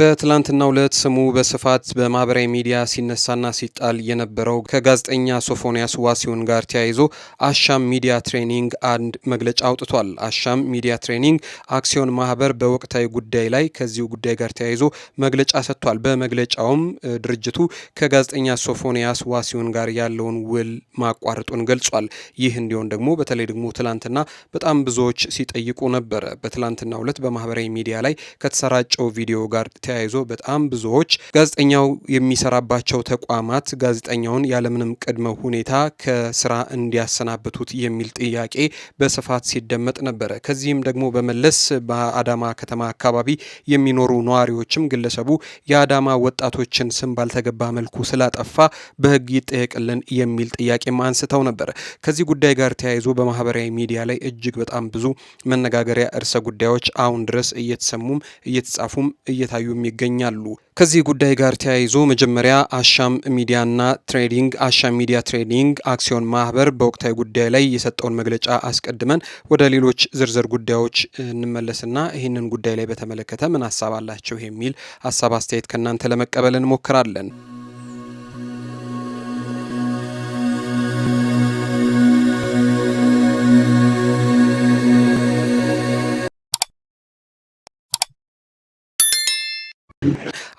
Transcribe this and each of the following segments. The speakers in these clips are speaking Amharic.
በትላንትና ዕለት ስሙ በስፋት በማህበራዊ ሚዲያ ሲነሳና ሲጣል የነበረው ከጋዜጠኛ ሶፎንያስ ዋሲውን ጋር ተያይዞ አሻም ሚዲያ ትሬኒንግ አንድ መግለጫ አውጥቷል። አሻም ሚዲያ ትሬኒንግ አክሲዮን ማህበር በወቅታዊ ጉዳይ ላይ ከዚሁ ጉዳይ ጋር ተያይዞ መግለጫ ሰጥቷል። በመግለጫውም ድርጅቱ ከጋዜጠኛ ሶፎንያስ ዋሲውን ጋር ያለውን ውል ማቋረጡን ገልጿል። ይህ እንዲሆን ደግሞ በተለይ ደግሞ ትላንትና በጣም ብዙዎች ሲጠይቁ ነበረ። በትላንትና ዕለት በማህበራዊ ሚዲያ ላይ ከተሰራጨው ቪዲዮ ጋር ተያይዞ በጣም ብዙዎች ጋዜጠኛው የሚሰራባቸው ተቋማት ጋዜጠኛውን ያለምንም ቅድመ ሁኔታ ከስራ እንዲያሰናብቱት የሚል ጥያቄ በስፋት ሲደመጥ ነበረ። ከዚህም ደግሞ በመለስ በአዳማ ከተማ አካባቢ የሚኖሩ ነዋሪዎችም ግለሰቡ የአዳማ ወጣቶችን ስም ባልተገባ መልኩ ስላጠፋ በህግ ይጠየቅልን የሚል ጥያቄም አንስተው ነበር። ከዚህ ጉዳይ ጋር ተያይዞ በማህበራዊ ሚዲያ ላይ እጅግ በጣም ብዙ መነጋገሪያ እርሰ ጉዳዮች አሁን ድረስ እየተሰሙም እየተጻፉም እየታዩ እያሳዩም ይገኛሉ። ከዚህ ጉዳይ ጋር ተያይዞ መጀመሪያ አሻም ሚዲያና ትሬዲንግ አሻም ሚዲያ ትሬዲንግ አክሲዮን ማህበር በወቅታዊ ጉዳይ ላይ የሰጠውን መግለጫ አስቀድመን ወደ ሌሎች ዝርዝር ጉዳዮች እንመለስና ይህንን ጉዳይ ላይ በተመለከተ ምን ሀሳብ አላቸው የሚል ሀሳብ አስተያየት ከእናንተ ለመቀበል እንሞክራለን።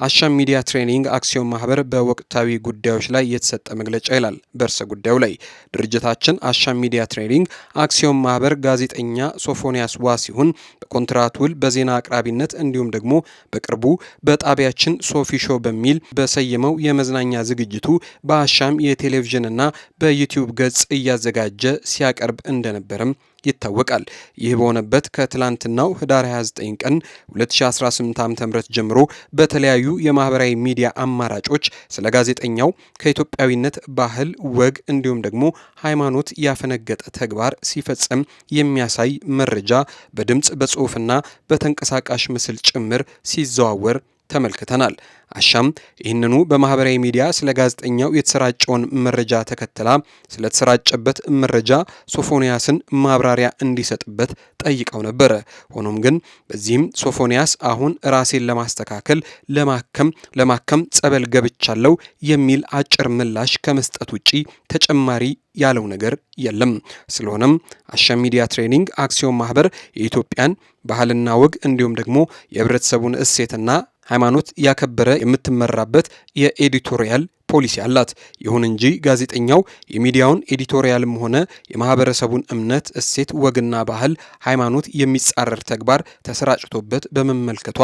አሻም ሚዲያ ትሬኒንግ አክሲዮን ማህበር በወቅታዊ ጉዳዮች ላይ የተሰጠ መግለጫ ይላል። በርዕሰ ጉዳዩ ላይ ድርጅታችን አሻም ሚዲያ ትሬኒንግ አክሲዮን ማህበር ጋዜጠኛ ሶፎንያስ ዋ ሲሆን በኮንትራት ውል በዜና አቅራቢነት እንዲሁም ደግሞ በቅርቡ በጣቢያችን ሶፊ ሾ በሚል በሰየመው የመዝናኛ ዝግጅቱ በአሻም የቴሌቪዥንና በዩቲዩብ ገጽ እያዘጋጀ ሲያቀርብ እንደነበርም ይታወቃል። ይህ በሆነበት ከትላንትናው ህዳር 29 ቀን 2018 ዓ.ም ጀምሮ በተለያዩ የማህበራዊ ሚዲያ አማራጮች ስለ ጋዜጠኛው ከኢትዮጵያዊነት ባህል፣ ወግ እንዲሁም ደግሞ ሃይማኖት ያፈነገጠ ተግባር ሲፈጽም የሚያሳይ መረጃ በድምፅ በጽሑፍና በተንቀሳቃሽ ምስል ጭምር ሲዘዋወር ተመልክተናል። አሻም ይህንኑ በማህበራዊ ሚዲያ ስለ ጋዜጠኛው የተሰራጨውን መረጃ ተከትላ ስለተሰራጨበት መረጃ ሶፎንያስን ማብራሪያ እንዲሰጥበት ጠይቀው ነበረ። ሆኖም ግን በዚህም ሶፎንያስ አሁን ራሴን ለማስተካከል ለማከም ለማከም ጸበል ገብቻለሁ የሚል አጭር ምላሽ ከመስጠት ውጪ ተጨማሪ ያለው ነገር የለም። ስለሆነም አሻም ሚዲያ ትሬኒንግ አክሲዮን ማህበር የኢትዮጵያን ባህልና ወግ እንዲሁም ደግሞ የህብረተሰቡን እሴትና ሃይማኖት ያከበረ የምትመራበት የኤዲቶሪያል ፖሊሲ አላት። ይሁን እንጂ ጋዜጠኛው የሚዲያውን ኤዲቶሪያልም ሆነ የማህበረሰቡን እምነት፣ እሴት፣ ወግና ባህል ሃይማኖት የሚጻረር ተግባር ተሰራጭቶበት በመመልከቷ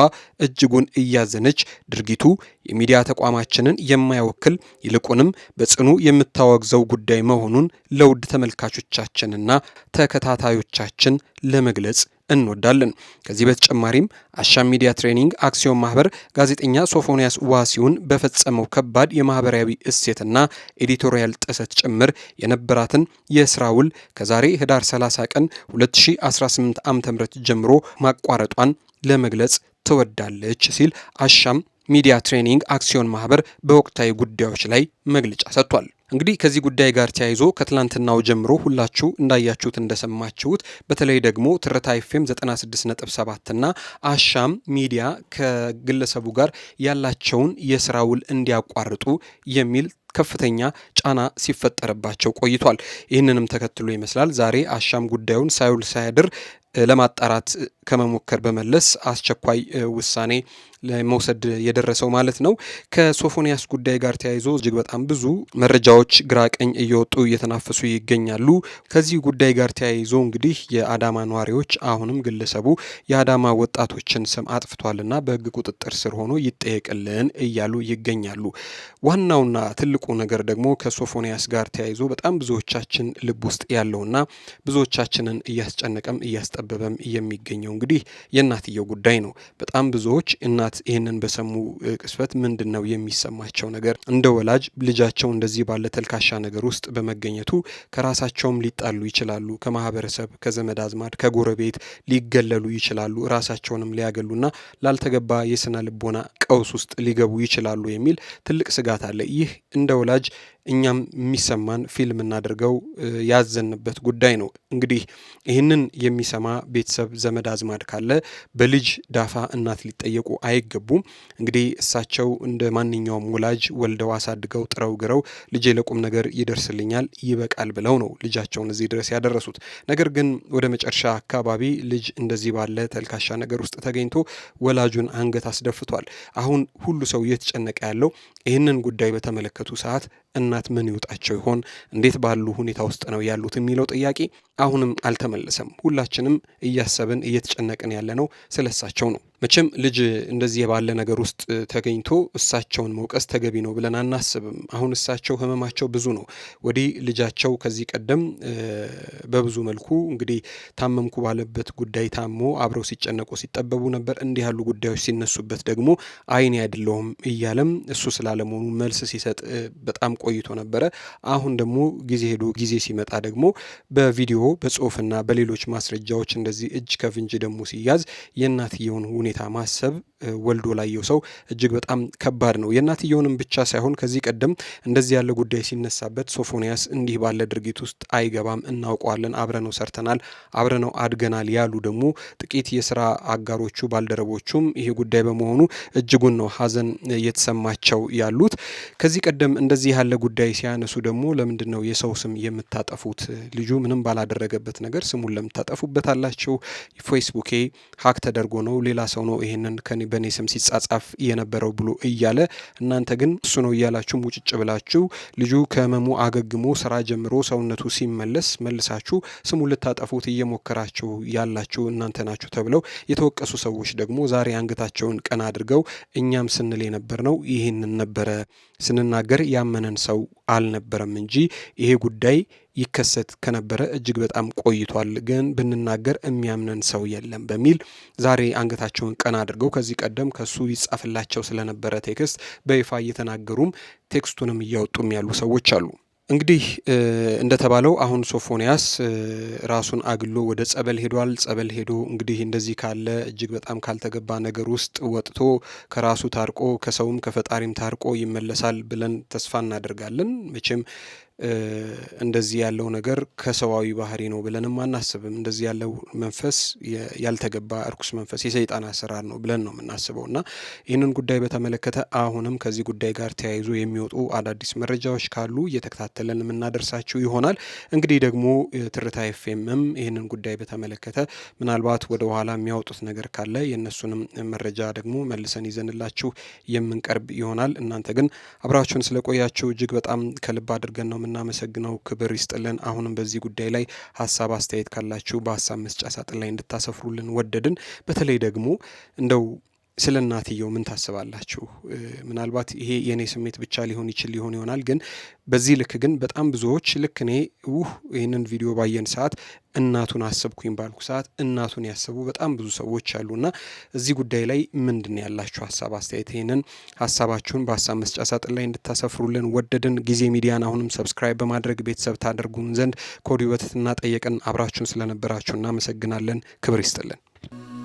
እጅጉን እያዘነች ድርጊቱ የሚዲያ ተቋማችንን የማይወክል ይልቁንም በጽኑ የምታወግዘው ጉዳይ መሆኑን ለውድ ተመልካቾቻችንና ተከታታዮቻችን ለመግለጽ እንወዳለን። ከዚህ በተጨማሪም አሻም ሚዲያ ትሬኒንግ አክሲዮን ማህበር ጋዜጠኛ ሶፎንያስ ዋሲሁን በፈጸመው ከባድ የማህበራዊ እሴትና ኤዲቶሪያል ጥሰት ጭምር የነበራትን የስራ ውል ከዛሬ ህዳር 30 ቀን 2018 ዓ.ም ጀምሮ ማቋረጧን ለመግለጽ ትወዳለች ሲል አሻም ሚዲያ ትሬኒንግ አክሲዮን ማህበር በወቅታዊ ጉዳዮች ላይ መግለጫ ሰጥቷል። እንግዲህ ከዚህ ጉዳይ ጋር ተያይዞ ከትላንትናው ጀምሮ ሁላችሁ እንዳያችሁት እንደሰማችሁት በተለይ ደግሞ ትርታ ኤፍኤም 96.7 እና አሻም ሚዲያ ከግለሰቡ ጋር ያላቸውን የስራ ውል እንዲያቋርጡ የሚል ከፍተኛ ጫና ሲፈጠርባቸው ቆይቷል። ይህንንም ተከትሎ ይመስላል ዛሬ አሻም ጉዳዩን ሳይውል ሳያድር ለማጣራት ከመሞከር በመለስ አስቸኳይ ውሳኔ መውሰድ የደረሰው ማለት ነው። ከሶፎንያስ ጉዳይ ጋር ተያይዞ እጅግ በጣም ብዙ መረጃዎች ግራ ቀኝ እየወጡ እየተናፈሱ ይገኛሉ። ከዚህ ጉዳይ ጋር ተያይዞ እንግዲህ የአዳማ ነዋሪዎች አሁንም ግለሰቡ የአዳማ ወጣቶችን ስም አጥፍቷልና በሕግ ቁጥጥር ስር ሆኖ ይጠየቅልን እያሉ ይገኛሉ። ዋናውና ትልቁ ነገር ደግሞ ከ ከሶፎንያስ ጋር ተያይዞ በጣም ብዙዎቻችን ልብ ውስጥ ያለውና ብዙዎቻችንን እያስጨነቀም እያስጠበበም የሚገኘው እንግዲህ የእናትየው ጉዳይ ነው። በጣም ብዙዎች እናት ይህንን በሰሙ ቅስበት ምንድን ነው የሚሰማቸው ነገር? እንደ ወላጅ ልጃቸው እንደዚህ ባለ ተልካሻ ነገር ውስጥ በመገኘቱ ከራሳቸውም ሊጣሉ ይችላሉ፣ ከማህበረሰብ፣ ከዘመድ አዝማድ፣ ከጎረቤት ሊገለሉ ይችላሉ፣ ራሳቸውንም ሊያገሉና ላልተገባ የስነ ልቦና ቀውስ ውስጥ ሊገቡ ይችላሉ የሚል ትልቅ ስጋት አለ። ይህ እንደ ወላጅ እኛም የሚሰማን ፊልም እናደርገው ያዘንበት ጉዳይ ነው። እንግዲህ ይህንን የሚሰማ ቤተሰብ ዘመድ አዝማድ ካለ በልጅ ዳፋ እናት ሊጠየቁ አይገቡም። እንግዲህ እሳቸው እንደ ማንኛውም ወላጅ ወልደው አሳድገው ጥረው ግረው ልጄ ለቁም ነገር ይደርስልኛል ይበቃል ብለው ነው ልጃቸውን እዚህ ድረስ ያደረሱት። ነገር ግን ወደ መጨረሻ አካባቢ ልጅ እንደዚህ ባለ ተልካሻ ነገር ውስጥ ተገኝቶ ወላጁን አንገት አስደፍቷል። አሁን ሁሉ ሰው እየተጨነቀ ያለው ይህንን ጉዳይ በተመለከቱ ሰዓት እናት ምን ይውጣቸው ይሆን? እንዴት ባሉ ሁኔታ ውስጥ ነው ያሉት የሚለው ጥያቄ አሁንም አልተመለሰም። ሁላችንም እያሰብን እየተጨነቅን ያለነው ስለ እሳቸው ነው። መቼም ልጅ እንደዚህ ባለ ነገር ውስጥ ተገኝቶ እሳቸውን መውቀስ ተገቢ ነው ብለን አናስብም። አሁን እሳቸው ህመማቸው ብዙ ነው። ወዲህ ልጃቸው ከዚህ ቀደም በብዙ መልኩ እንግዲህ ታመምኩ ባለበት ጉዳይ ታሞ አብረው ሲጨነቁ ሲጠበቡ ነበር። እንዲህ ያሉ ጉዳዮች ሲነሱበት ደግሞ አይን ያድለውም እያለም እሱ ስላለመሆኑ መልስ ሲሰጥ በጣም ቆይቶ ነበረ። አሁን ደግሞ ጊዜ ሄዶ ጊዜ ሲመጣ ደግሞ በቪዲዮ በጽሁፍና በሌሎች ማስረጃዎች እንደዚህ እጅ ከፍንጅ ደግሞ ሲያዝ የእናትየውን ሁኔታ ማሰብ ወልዶ ላየው ሰው እጅግ በጣም ከባድ ነው። የእናትየውንም ብቻ ሳይሆን ከዚህ ቀደም እንደዚህ ያለ ጉዳይ ሲነሳበት ሶፎንያስ እንዲህ ባለ ድርጊት ውስጥ አይገባም፣ እናውቀዋለን፣ አብረነው ሰርተናል፣ አብረነው አድገናል ያሉ ደግሞ ጥቂት የስራ አጋሮቹ ባልደረቦቹም ይሄ ጉዳይ በመሆኑ እጅጉን ነው ሀዘን እየተሰማቸው ያሉት። ከዚህ ቀደም እንደዚህ ያለ ጉዳይ ሲያነሱ ደግሞ ለምንድን ነው የሰው ስም የምታጠፉት? ልጁ ምንም ባላደረ የተደረገበት ነገር ስሙን ለምን ታጠፉበታላችሁ? ፌስቡኬ ሀክ ተደርጎ ነው፣ ሌላ ሰው ነው ይሄንን በእኔ ስም ሲጻጻፍ የነበረው ብሎ እያለ እናንተ ግን እሱ ነው እያላችሁ ሙጭጭ ብላችሁ ልጁ ከህመሙ አገግሞ ስራ ጀምሮ ሰውነቱ ሲመለስ መልሳችሁ ስሙን ልታጠፉት እየሞከራችሁ ያላችሁ እናንተ ናችሁ ተብለው የተወቀሱ ሰዎች ደግሞ ዛሬ አንገታቸውን ቀና አድርገው እኛም ስንል የነበር ነው ይህንን ነበረ ስንናገር ያመነን ሰው አልነበረም እንጂ ይሄ ጉዳይ ይከሰት ከነበረ እጅግ በጣም ቆይቷል፣ ግን ብንናገር የሚያምነን ሰው የለም በሚል ዛሬ አንገታቸውን ቀና አድርገው ከዚህ ቀደም ከሱ ይጻፍላቸው ስለነበረ ቴክስት በይፋ እየተናገሩም ቴክስቱንም እያወጡም ያሉ ሰዎች አሉ። እንግዲህ እንደተባለው አሁን ሶፎንያስ ራሱን አግሎ ወደ ጸበል ሄዷል። ጸበል ሄዶ እንግዲህ እንደዚህ ካለ እጅግ በጣም ካልተገባ ነገር ውስጥ ወጥቶ ከራሱ ታርቆ ከሰውም ከፈጣሪም ታርቆ ይመለሳል ብለን ተስፋ እናደርጋለን። መቼም እንደዚህ ያለው ነገር ከሰዋዊ ባህሪ ነው ብለንም አናስብም። እንደዚህ ያለው መንፈስ ያልተገባ እርኩስ መንፈስ የሰይጣን አሰራር ነው ብለን ነው የምናስበው እና ይህንን ጉዳይ በተመለከተ አሁንም ከዚህ ጉዳይ ጋር ተያይዞ የሚወጡ አዳዲስ መረጃዎች ካሉ እየተከታተለን የምናደርሳችሁ ይሆናል። እንግዲህ ደግሞ ትርታ ኤፍኤምም ይህንን ጉዳይ በተመለከተ ምናልባት ወደ ኋላ የሚያወጡት ነገር ካለ የእነሱንም መረጃ ደግሞ መልሰን ይዘንላችሁ የምንቀርብ ይሆናል። እናንተ ግን አብራችሁን ስለቆያችሁ እጅግ በጣም ከልብ አድርገን ነው የምናመሰግነው። ክብር ይስጥልን። አሁንም በዚህ ጉዳይ ላይ ሀሳብ አስተያየት ካላችሁ በሀሳብ መስጫ ሳጥን ላይ እንድታሰፍሩልን ወደድን። በተለይ ደግሞ እንደው ስለ እናትየው ምን ታስባላችሁ? ምናልባት ይሄ የእኔ ስሜት ብቻ ሊሆን ይችል ሊሆን ይሆናል። ግን በዚህ ልክ ግን በጣም ብዙዎች ልክ እኔ ውህ ይህንን ቪዲዮ ባየን ሰዓት እናቱን አሰብኩኝ ባልኩ ሰዓት እናቱን ያሰቡ በጣም ብዙ ሰዎች አሉና እዚህ ጉዳይ ላይ ምንድን ያላችሁ ሀሳብ አስተያየት፣ ይህንን ሀሳባችሁን በሀሳብ መስጫ ሳጥን ላይ እንድታሰፍሩልን ወደድን። ጊዜ ሚዲያን አሁንም ሰብስክራይብ በማድረግ ቤተሰብ ታደርጉን ዘንድ ከወዲሁ በትትና ጠየቅን። አብራችሁን ስለነበራችሁ እናመሰግናለን። ክብር ይስጥልን።